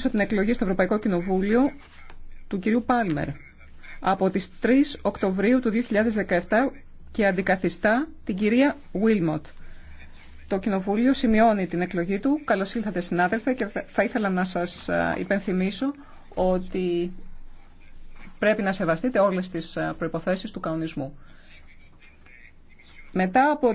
ανακοίνωσε την εκλογή στο Ευρωπαϊκό Κοινοβούλιο του κυρίου Πάλμερ από τις 3 Οκτωβρίου του 2017 και αντικαθιστά την κυρία Βίλμοτ. Το Κοινοβούλιο σημειώνει την εκλογή του. Καλώς ήλθατε συνάδελφε και θα ήθελα να σας υπενθυμίσω ότι πρέπει να σεβαστείτε όλες τις προϋποθέσεις του κανονισμού. Μετά από